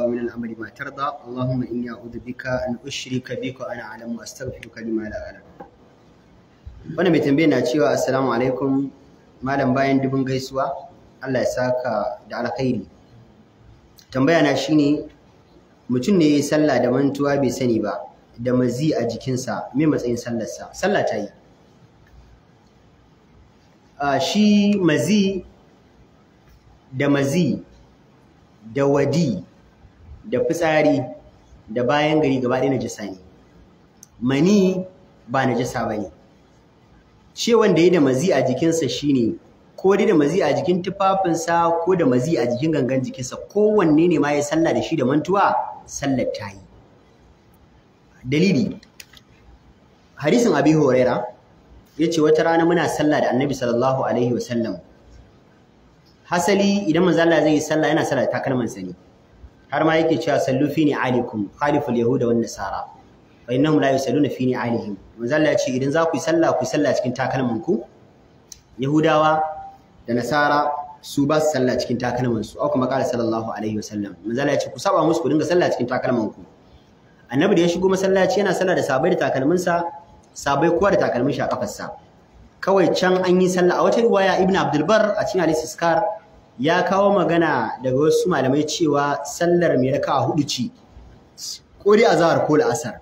ومن الأمر ما ترضى اللهم إني أعوذ بك أن أشرك بك وأنا أعلم وأستغفرك لما لا أعلم wani mai tambaye na cewa assalamu alaikum malam bayan dubin gaisuwa Allah ya saka da alkhairi tambaya na shine mutum ne ya yi sallah da mantuwa bai sani ba da mazi a jikinsa me matsayin sallarsa sallah ta yi shi mazi da mazi da wadi da fitsari da bayan gari gaba ɗaya najasa ne mani ba najasa ba ne ce wanda ya da mazi a jikinsa shi ne, ko dai da mazi a jikin tufafinsa ko da mazi a jikin gangan jikinsa kowanne ne ma ya sallah da shi da mantuwa sallar ta yi dalili hadisin abi ya ce wata rana muna sallah da annabi sallallahu alaihi wasallam hasali idan manzo zai yi sallah yana sallah takalman sa ne har ma yake cewa sallu fi ni alikum khaliful yahuda wan nasara fa innahum la yusalluna fi ni alihim manzo Allah ya ce idan za ku yi sallah ku yi sallah cikin takalmin ku yahudawa da nasara su ba su sallah cikin takalmin su kuma qala sallallahu alaihi wasallam manzo Allah ya ce ku saba musu ku dinga sallah cikin takalmin ku annabi da ya shigo masallaci yana sallah da sabai da takalmin sa sabai kuwa da takalmin shi a kafarsa kawai can an yi sallah a wata riwaya ibnu abdul bar a cikin al-iskar ya kawo magana daga wasu malamai cewa sallar mai raka hudu ce ko dai azhar ko la'asar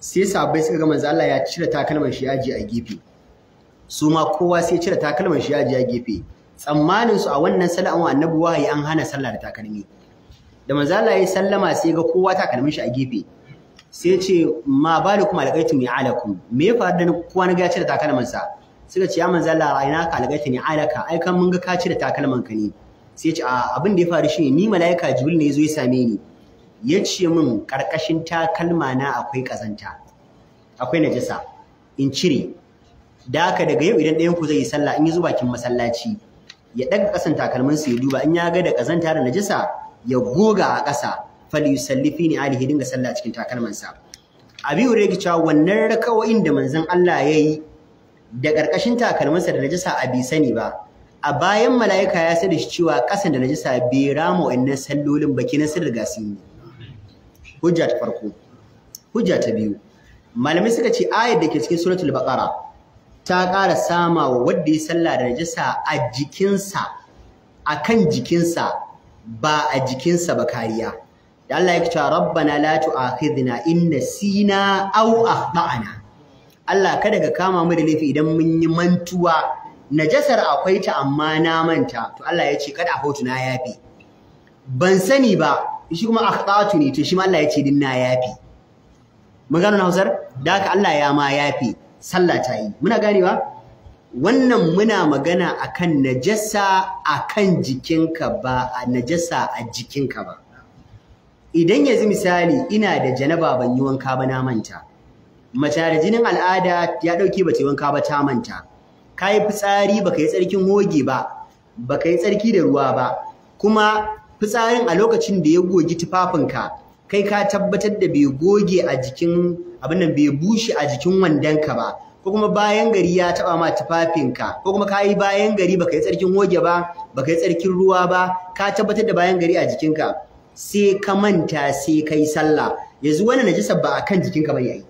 sai sabai suka ga manzo ya cire takalman shi yaji a gefe su ma kowa sai cire takalman shi yaji a gefe tsammanin su a wannan sallan annabi wahayi an hana sallah takalmi da manzo Allah ya sallama sai ga kowa takalmin shi a gefe sai ce ma balikum alqaitum ya'alakum me ya faru da kowa na ga cire takalman sa suka ce ya manzo lara ina ka algaita ne alaka ai kan mun ga ka cire takalman ka ne sai ya ce abin da ya faru shine ni malaika jibril ne yazo ya same ni ya ce min karkashin takalma na akwai kazanta akwai najasa in cire da haka daga yau idan ɗayan ku zai yi sallah in yi zuba kin masallaci ya ɗaga kasan takalman su ya duba in ya ga da kazanta da najasa ya goga a ƙasa falyusallifi ni alihi dinga sallah cikin takalmansa abi uregi cewa wannan rakawoyin da manzon Allah ya yi da ƙarƙashin takalminsa da najasa a bi sani ba a bayan mala'ika ya da shi cewa ƙasan da najisa bai rama wa'annan sallolin baki na sirri ga sun hujja ta farko hujja ta biyu malamai suka ce ayar da ke cikin suratul baqara ta ƙara sama wa wanda ya sallah da najasa a jikinsa a kan jikinsa ba a jikinsa ba kariya da Allah ya ce rabbana la tu'akhidna in nasina aw akhtana Allah kada ka kama mu da laifi idan mun yi mantuwa najasar akwai ta amma na manta to Allah ya ce kada hotu na yafi ban sani ba shi kuma akhtatu ne to shi ma Allah ya ce din na yafi mun gano na Hausar da haka Allah ya ma yafi sallah ta yi muna ba? wannan muna magana akan najasa akan jikinka ba a najasa a jikinka ba idan yanzu misali ina da janaba ban yi wanka ba na manta mace da jinin al'ada ya ɗauke ba ta wanka ba ta manta ka yi fitsari ba ka yi tsarkin hoge ba ba ka yi tsarki da ruwa ba kuma fitsarin a lokacin da ya gogi tufafinka kai ka tabbatar da bai goge a jikin abin nan bai bushe a jikin wandonka ba ko kuma bayan gari ya taɓa ma tufafinka ko kuma ka yi bayan gari baka yi tsarkin hoge ba baka yi tsarkin ruwa ba ka tabbatar da bayan gari a jikinka sai ka manta sai ka yi sallah yanzu wannan najisa ba kan jikinka ba yayi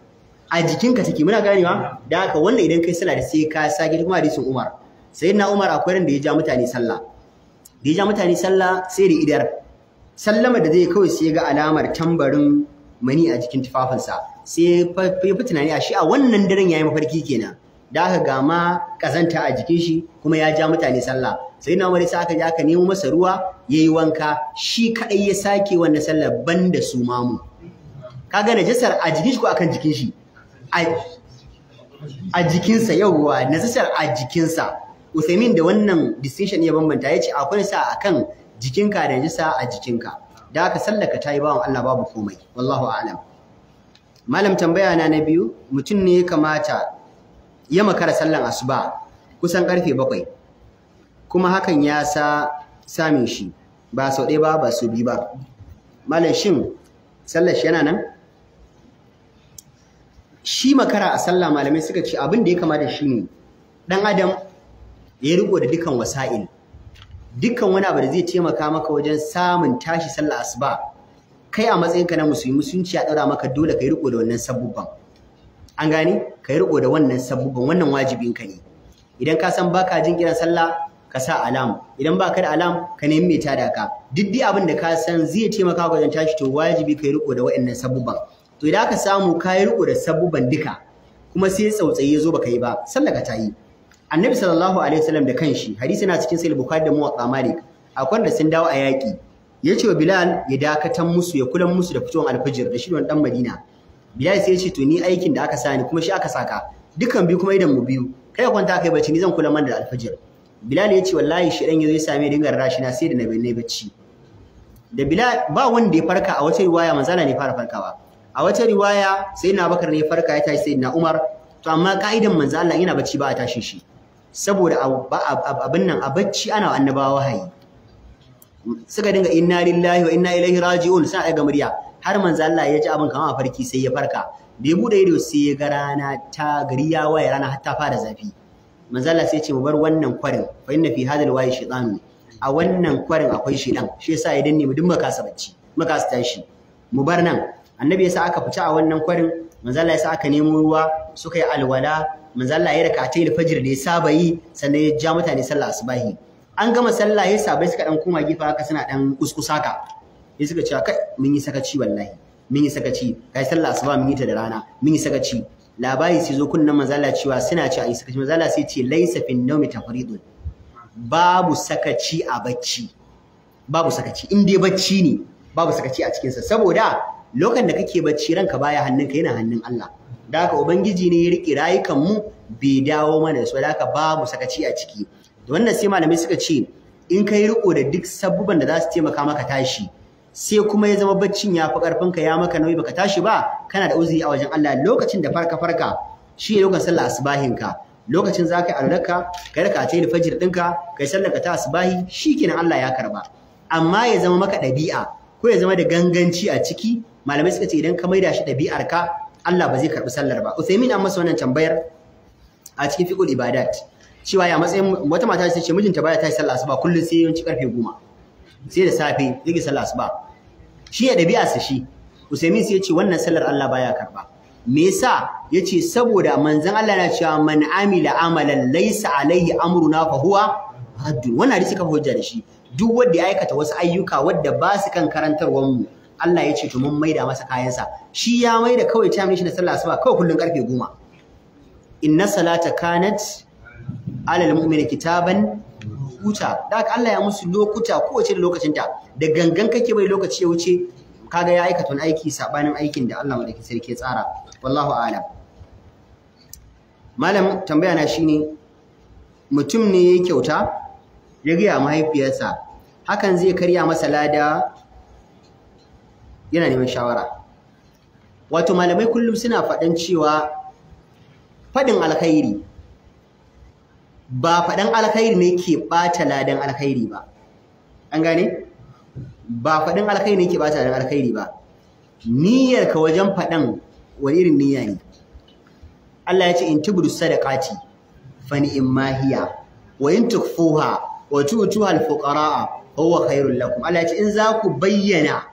a jikinka take muna ganewa da haka wannan idan kai sallah da sai ka sage kuma hadisin Umar na Umar akwai ran da ya ja mutane sallah da ya ja mutane sallah sai da idar sallama da zai kawai sai ga alamar tambarin mani a jikin tufafinsa sai ya fi tunani a shi a wannan daren ya yi mafarki kenan da haka ga ma kazanta a jikin shi kuma ya ja mutane sallah sai na Umar sai aka ja aka nemo masa ruwa yayi wanka shi kaɗai ya sake wannan ban da su mamu kaga najasar a jikin shi ko akan jikin shi a jikinsa yauwa nazasar a jikinsa Usaimin da wannan distinction ya bambanta ya ce akwai sa akan jikinka da najasa a jikinka da aka sallaka ta yi bawan Allah babu komai wallahu a'lam malam tambaya na na biyu mutum ne ya kamata ya makara sallan asuba kusan karfe bakwai kuma hakan ya sa samun shi ba sau ɗaya ba ba su biyu ba malam shin sallar shi yana nan shi makara a sallah malamai suka ce abin da ya kamata shi ne ɗan adam ya riko da dukan wasa'il dukkan wani abu da zai taimaka maka wajen samun tashi sallah asuba kai a matsayinka na musulmi musulunci ya ɗaura maka dole ka yi riko da wannan sabubban an gane ka yi riko da wannan sabubban wannan wajibin ka ne idan ka san baka jin kiran sallah ka sa alam idan baka da alam ka nemi mai tada ka duk abin da ka san zai taimaka wajen tashi to wajibi ka yi riko da wa'annan sabubban to idan aka samu kayi riko da sabuban duka kuma sai tsautsayi ya zo baka yi ba sallah ka ta yi annabi sallallahu alaihi wasallam da kanshi hadisi na cikin sahih bukhari da muwatta malik akwai da sun dawo a yaki yace wa bilal ya dakatan musu ya kula musu da fitowar alfajir da shirin dan madina bilal sai ya ce to ni aikin da aka sani kuma shi aka saka dukan biyu kuma idan mu biyu kai kwanta kai bacci ni zan kula man da alfijir bilal ya ce wallahi shi dan yazo ya same dinga rashi na sai da na ne bacci da bilal ba wanda ya farka a wata riwaya manzana ne fara farkawa a wata riwaya sai na bakar ne farka ya tashi sai na Umar to amma ka'idan manzo Allah yana bacci ba a tashi shi saboda abin nan a bacci ana annabawa wahayi suka dinga inna lillahi wa inna ilaihi raji'un sai ga murya har manzo Allah ya ji abin kamar a farki sai ya farka da ya bude ido sai ya ga rana ta gari ya waye rana har ta fara zafi manzo Allah sai ya ce mu bar wannan kwarin fa inna fi hadal wayi shaytanu a wannan kwarin akwai shaytan shi yasa ya danne mu duk kasa bacci tashi mu bar nan annabi yasa aka fita a wannan kwarin Manzala ya yasa aka nemo ruwa suka yi alwala ya Allah ya rakatai da ya saba yi sannan ya ja mutane sallah asubahi an gama sallah ya sabai suka dan koma gefe haka suna dan kuskusaka ya suka ce kai mun yi sakaci wallahi mun yi sakaci kai sallah asuba mun yi ta da rana mun yi sakaci labari sai zo kunnan manzala cewa suna ce yi sakaci Manzala sai ce laysa fin nawmi tafridun babu sakaci a bacci babu sakaci in dai bacci ne babu sakaci a cikinsa saboda lokacin da kake bacci ranka baya hannunka yana hannun Allah da haka ubangiji ne ya rike rayukan mu bai dawo mana so da haka babu sakaci a ciki da wannan sai malamai suka ce in kai riko da duk sabubban da za su taimaka maka tashi sai kuma ya zama baccin ya fi ka ya maka nauyi baka tashi ba kana da uzuri a wajen Allah lokacin da farka farka shi ne lokacin sallah ka lokacin za ka yi alraka ka raka ta yi fajir ka yi sallar ka ta asbahi shi kenan Allah ya karba amma ya zama maka ɗabi'a ko ya zama da ganganci a ciki malamai suka ce idan ka maida shi ɗabi'ar ka Allah ba zai karɓi sallar ba Uthaymin an masa wannan tambayar a cikin fiqul ibadat cewa ya matsayin wata mata ta ce mijinta baya tashi sallah asuba kullum sai yawanci karfe goma sai da safe yake sallah asuba shi ya ɗabi'a sa shi Uthaymin sai ya ce wannan sallar Allah baya karɓa me yasa yace saboda manzon Allah yana cewa man amila amalan laysa alaihi amruna fa huwa haddu wannan hadisi ka hujja da shi duk wanda ya aikata wasu ayyuka wadda ba su kan karantarwar mu Allah ya ce to mun maida masa kayansa shi ya maida kawai ta shi na sallah asuba kawai kullun karfe 10 inna salata kanat alal mu'mini kitaban huta da Allah ya musu lokuta ko wace da ta da gangan kake bai lokaci ya wuce kaga ya aikata wani aiki sabanin aikin da Allah madaki sarki ya tsara wallahu a'lam malam tambaya na shine mutum ne ya kyauta ya ga mahaifiyarsa hakan zai karya masa lada yana neman shawara wato malamai kullum suna faɗan cewa faɗin alkhairi ba faɗan alkhairi ne ke ɓata ladan alkhairi ba an gane ba faɗin alkhairi ne ke ɓata ladan alkhairi ba Niyyar ka wajen faɗan wani irin niyya ne Allah ya ce in tubdu sadaqati fa ni'ma hiya wa in tukfuha wa tu'tuha al fuqaraa huwa khairul lakum Allah ya ce in za ku bayyana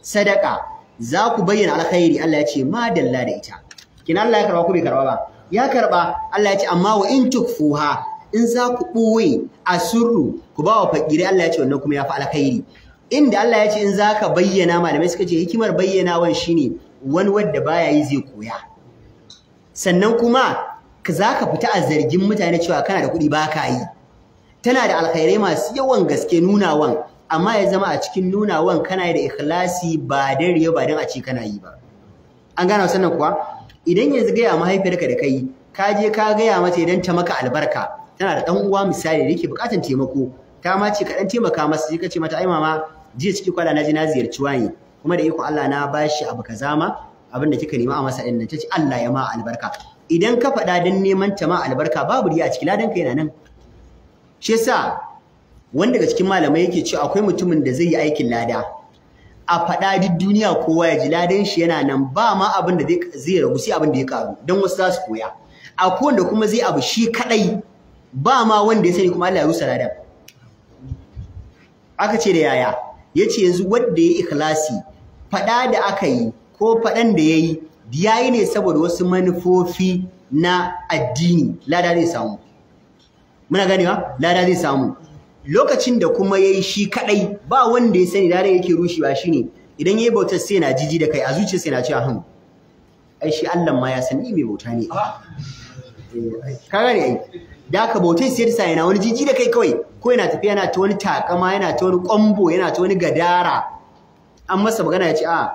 sadaka za ku bayyana alkhairi Allah ya ce ma dalla da ita Kin Allah ya karba ku bai karba ba ya karba Allah ya ce amma wa in tukfuha in za ku ɓoye asirru ku ba wa fakiri Allah ya ce wannan kuma ya fi alkhairi inda Allah ya ce in za ka bayyana malamai suka ce hikimar bayyanawan shine wani wadda baya yi zai koya sannan kuma za ka fita a zargin mutane cewa kana da kuɗi ba ka yi tana da alkhairai masu yawan gaske nunawan amma ya zama a cikin nunawan kana da ikhlasi ba dan riya ba dan a ci kana yi ba an gane sannan kuwa idan yanzu gaya mahaifiyarka da kai ka je ka gaya mata idan ta maka albarka tana da dan uwa misali da yake bukatan taimako ta ma ce ka dan taimaka masa sai ka ce mata ai mama jiya ciki kwala na ji na ziyarci wani kuma da iko Allah na bashi abu kaza ma abin da kika nema a masa din ta Allah ya ma albarka idan ka faɗa dan neman ta ma albarka babu riya a ciki ladan ka yana nan shi yasa wanda daga cikin malamai yake cewa akwai mutumin da zai yi aikin lada a faɗa duk duniya kowa ya ji ladan shi yana nan ba ma abin da zai ragu sai abin da ya karu don wasu za su koya akwai wanda kuma zai abu shi kadai ba ma wanda ya sani kuma Allah ya rusa ladan aka ce da yaya yace yanzu wanda ya ikhlasi faɗa da aka yi ko faɗan da ya yi ya yi ne saboda wasu manufofi na addini lada zai samu muna ganewa lada zai samu lokacin da kuma ya yi shi kadai ba wanda ya sani da yake shi ne idan ya yi bauta sai na jiji da kai a zuciya sai na ce ahun ai shi Allah ma ya sani mai bauta ne ah. eh, ka gane ai da ka bauta sai sai yana wani jiji da kai kawai ko yana tafiya yana ta wani takama yana ta wani kwambo yana ta wani gadara an masa magana ya ce a ah,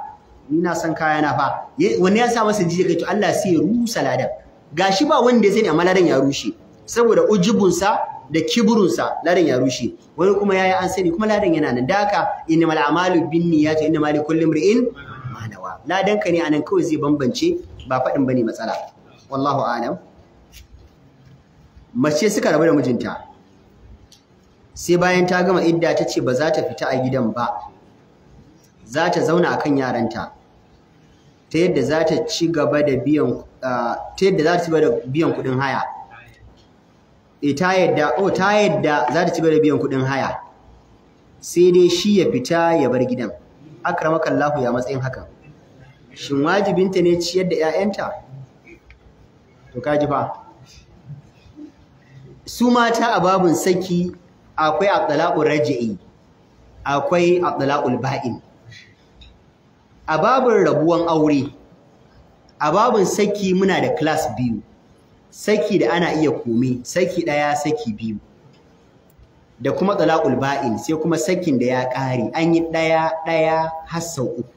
ni na san kaya na fa wani ya sa masa jiji da kai to Allah sai ya rusa ladan gashi ba wanda ya sani amma ladan ya rushe saboda ujubunsa da kiburunsa ladan ya rushe wani kuma yayi an sani kuma ladan yana nan daka innamal a'malu binniyati innamal likulli imrin ma nawa ladan ka ne anan kawai zai bambance ba fadin bane matsala wallahu a'lam mace suka rabu da mijinta sai bayan ta gama idda ta ce ba za ta fita a gidan ba za ta zauna a kan yaranta ta yadda za ta ci gaba da biyan ah, kuɗin haya e ta yadda oh ta yadda za ta ci gaba da biyan kuɗin haya sai dai shi ya fita ya bar gidan akramaka Allahu ya matsayin hakan shin wajibinta ne ciyar da 'ya'yanta to ka ji fa su mata a babun saki akwai at raj'i akwai at ba'in a babun rabuwan aure a babun saki muna da class biyu saki da ana iya kome saki ɗaya saki biyu da kuma talaqul ba'in sai kuma sakin da ya ƙare an yi ɗaya ɗaya har sau uku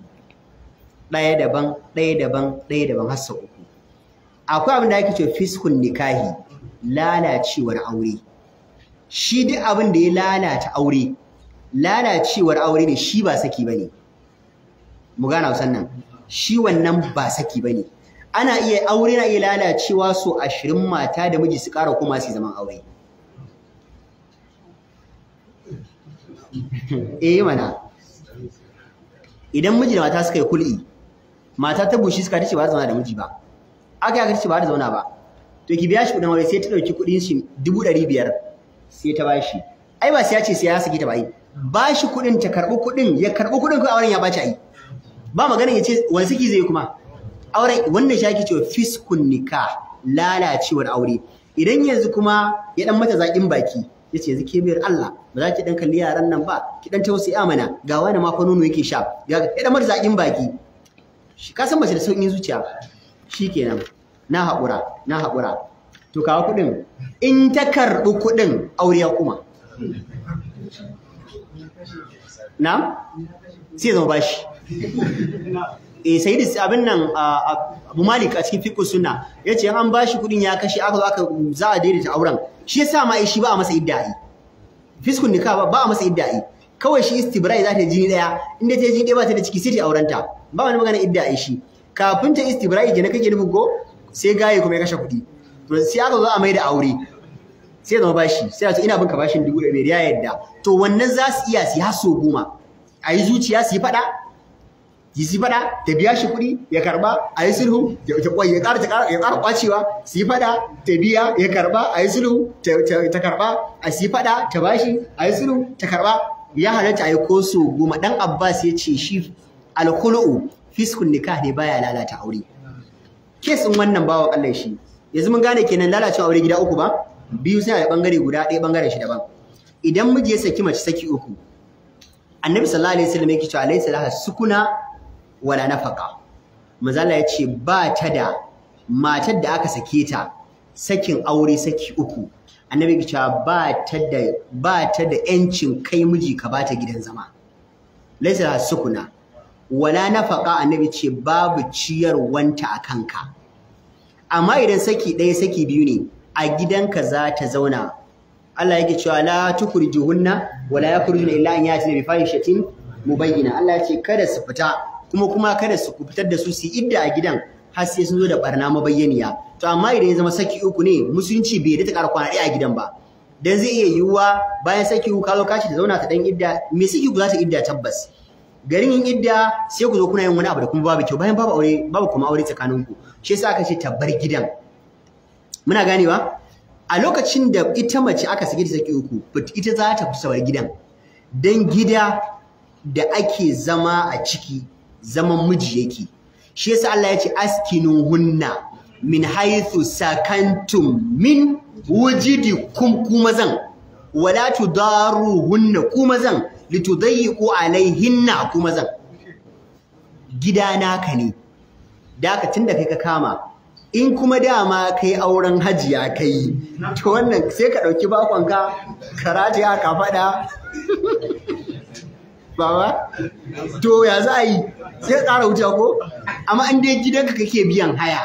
ɗaya daban ɗaya daban ɗaya daban har uku akwai abin da ake cewa fiskun nikahi lalacewar aure shi duk abin da ya lalata aure lalacewar aure ne shi ba saki bane mu gana nan shi wannan ba saki bane ana iya aure na iya lalacewa so ashirin mata da miji su ƙara kuma su zaman aure eh mana idan miji da mata suka yi kul'i mata ta bushi suka tace ba zauna da miji ba aka yaka tace ba ta zauna ba to ki biya shi kudin aure sai ta dauki kudin shi dubu ɗari biyar sai ta bashi ai ba sai ya ce sai ya saki ta ba yi ba shi kudin ta karɓi kudin ya karɓi kudin kai auren ya a ai ba maganin ya ce wani suki zai kuma auren wannan shi ake cewa fiskun nikah lalacewar aure idan yanzu kuma ya dan mata zakin baki ya ce yanzu ke biyar Allah ba za ki dan kalli yaran nan ba ki dan tausi amana, ga wani ma nono yake sha ya dan mata zakin baki shi ka san mace da saukin zuciya shikenan na haƙura na haƙura to kawo kuɗin in ta karɓi kuɗin aure ya kuma na sai zama bashi Eh, sayyid abin nan Abu Malik a cikin suna, ya ce an bashi kudin ya kashe aka zo aka za a daidaita auren shi yasa ma shi ba a masa idda'i fiskun nika ba a masa idda'i kawai shi istibrai za ta jini daya inda ta jini daya ba ta da ciki sai ta aurenta ba wani magana idda'i shi kafin ta istibrai na kake nufin go sai gaye kuma ya kashe kudi to sai aka zo a mai da aure sai zama bashi sai su ina bin ka bashin dubu ɗari ya yadda to wannan za su iya su yi haso goma a yi zuciya su yi faɗa yi si fada ta biya shi kuɗi ya karba a yi sulhu ya ƙara ya ƙara kwacewa si fada ta biya ya karba a yi sulhu ta karba a si fada ta bashi a yi sulhu ta karba ya halatta a yi koso, goma dan Abbas ya ce shi alkulu'u fiskun nikah ne baya lalata aure kesin wannan bawa Allah shi yanzu mun gane kenan lalacin aure gida uku ba biyu sai a bangare guda ɗaya bangare shi daban idan miji ya saki mace saki uku annabi sallallahu alaihi wasallam yake cewa alaihi laha sukuna wala nafaka mazala ya ce ba ta da matar da aka sake ta sakin aure saki uku annabi ya ce ba ta da yancin kai miji ka ba ta gidan zama laysa sukuna wala nafaka annabi ce babu ciyar wanta a kanka amma idan saki ɗaya saki biyu ne a gidanka za ta zauna Allah yake cewa la tukurjuhunna wala yakurjuna illa an yati bi fahishatin mubayyana Allah ya kada su fita kuma kuma kada su fitar da su su idda a gidan har sai sun zo da barna mabayyaniya to amma idan ya zama saki uku ne musulunci bai da ta ƙara kwana ɗaya a gidan ba dan zai iya yiwuwa bayan saki uku ka zo kashi ta zauna ta dan idda me saki uku za ta idda tabbas garin yin idda sai ku zo kuna yin wani abu da kuma babu kyau bayan babu aure babu kuma aure tsakaninku shi yasa aka ce tabbar gidan muna ganewa a lokacin da ita mace aka sake ta saki uku ita za ta fi sawar gidan dan gida da ake zama a ciki zaman miji yake shi yasa Allah ya ce askinuhunna min haythu sakantum min wujidikum kuma zan wala tudaruhunna kuma zan alaihinna kuma zan gida naka ne da ka tunda kai ka kama in kuma dama kai auren hajiya kai to wannan sai ka ɗauki bakonka karaje ka faɗa baba to ya za a yi sai tsara wuce ko amma in dai gidanka kake biyan haya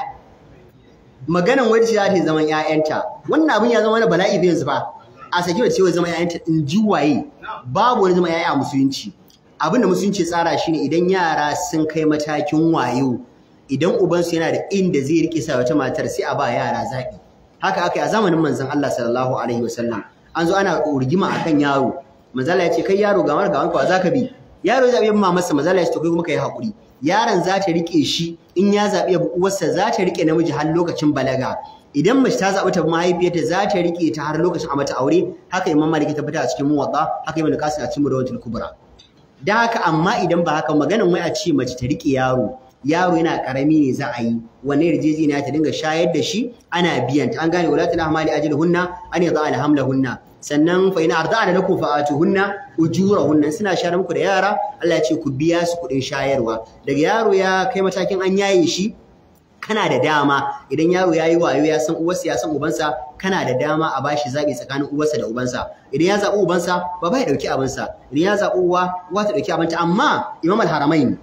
maganan wacce za ta zaman ƴaƴanta wannan abin ya zama wani bala'i bai zuba ba a sake wacce zai zama ƴaƴanta in ji waye babu wani zama 'ya'ya a musulunci abin da musulunci tsara shine idan yara sun kai matakin wayo idan ubansu yana da inda zai rike sa wata matar sai a ba yara zaɓi haka aka yi a zamanin manzon Allah sallallahu alaihi wasallam an zo ana urgima akan yaro mazala ya ce kai yaro ga marga wanka za ka bi yaro ya zaɓi mamarsa mazala ya ce to kai kuma ka yi haƙuri yaron za ta riƙe shi in ya zaɓi uwarsa za ta riƙe namiji har lokacin balaga idan mace ta zaɓi ta mahaifiyarta za ta riƙe ta har lokacin a mata aure haka imam da ta fita a cikin muwatta haka imam kasim a cikin mudawatul kubra da haka amma idan ba haka maganan wai a ce mace ta riƙe yaro yaro yana karami ne za a yi wannan yarjejeniya ta dinga shayar da shi ana biyan ta an gane wala ahmali hamali ajil hunna an yadda alhamla hunna sannan fa ina fa'atu hunna ujura hunna suna shayar muku da yara Allah ya ce ku biya su kuɗin shayarwa daga yaro ya kai matakin an yaye shi kana da dama idan yaro yayi wayo ya san uwarsa ya san ubansa kana da dama a bashi zabi tsakanin uwarsa da ubansa idan ya zaɓi ubansa baba ya ɗauki abinsa idan ya zaɓi uwa uwa ta ɗauki abinta amma imam al-haramain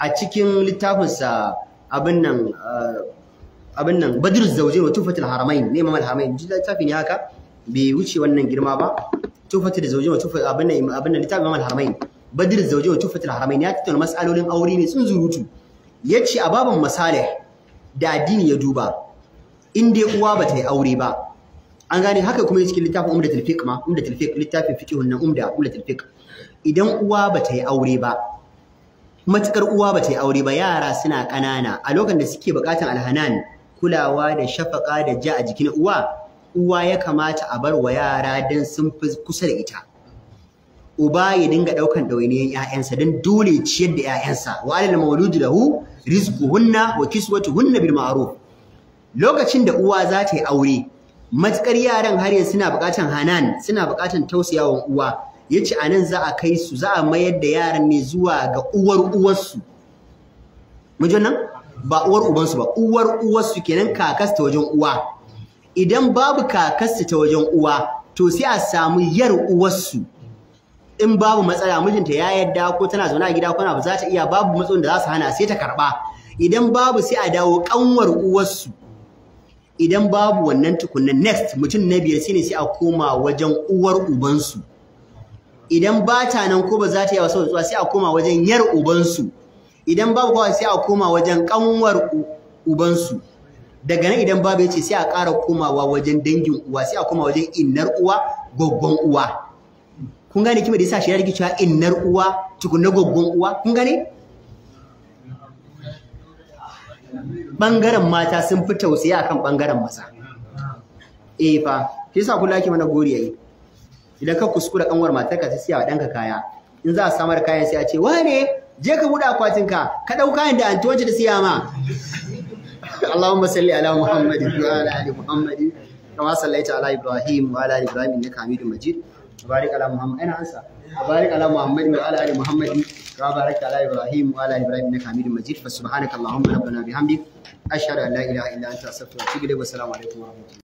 a cikin littafinsa abin nan eh, abin nan badrul zawjain wa tufatul haramain ne imam al-haramain Littafin ne haka bai wuce wannan girma ba tufatu da zauji wa tufatu abin nan abin nan littafin Imam Haramain Badr zauji wa tufatu Haramain ya tattauna masalolin aure ne sun zurutu yace a baban masalih da addini ya duba in dai uwa ba ta yi aure ba an gane haka kuma cikin littafin Umdatul Fiqh ma Umdatul Fiqh littafin fiqhun nan Umda Umdatul Fiqh idan uwa ba ta yi aure ba matukar uwa ba ta yi aure ba yara suna ƙanana a lokacin da suke buƙatar alhanan kulawa da shafaka da ja a jikin uwa uwa ya kamata a bar wa yara don sun fi kusa da ita uba ya dinga ɗaukan ɗawainiyan ‘ya'yansa don dole ciyar da ‘ya'yansa wa da hu lahu Hunna wa hunna bil ma'ruf lokacin da uwa za ta yi aure matukar yaran har yanzu suna buƙatan hanan suna buƙatan tausayawan uwa Ya yace nan za a kai su za a mayar da yaran ne zuwa ga uwar uwarsu ba uwar ubansu ba uwar uwarsu kenan kakas wajen uwa idan babu kakarsu ta wajen uwa to sai a samu yar uwarsu in babu matsala mijinta ya yadda ko tana zaune a gida ko na za ta iya babu matsalolin da za su hana sai ta karɓa. idan babu sai a dawo kanwar uwarsu idan babu wannan tukunnan next mutum na biyar shine sai a koma wajen uwar ubansu idan ba ta nan ko ba za ta iya wasu tsuwa sai a koma wajen yar ubansu idan babu kawai sai a koma wajen ƙanwar ubansu daga nan idan babu ya ce sai a ƙara komawa wajen dangin uwa sai a koma wajen innar uwa goggon uwa kun gane kima da yasa shi ya cewa innar uwa na goggon uwa kun gane bangaren mata sun fi tausayi akan bangaren maza eh fa shi yasa kula ki mana gori yayi idan ka kuskura kanwar matarka sai ya danka kaya in za a samar kayan sai a ce wane je ka buɗe akwatinka ka ɗau kayan da anti da ta siya ma اللهم صل على محمد وعلى ال محمد كما صليت على ابراهيم وعلى ال ابراهيم انك حميد مجيد وبارك على محمد انا انسى وبارك على محمد وعلى ال محمد كما باركت على ابراهيم وعلى ال ابراهيم انك حميد مجيد فسبحانك اللهم ربنا بحمدك اشهد ان لا اله الا انت استغفرك واتوب اليك والسلام عليكم ورحمه الله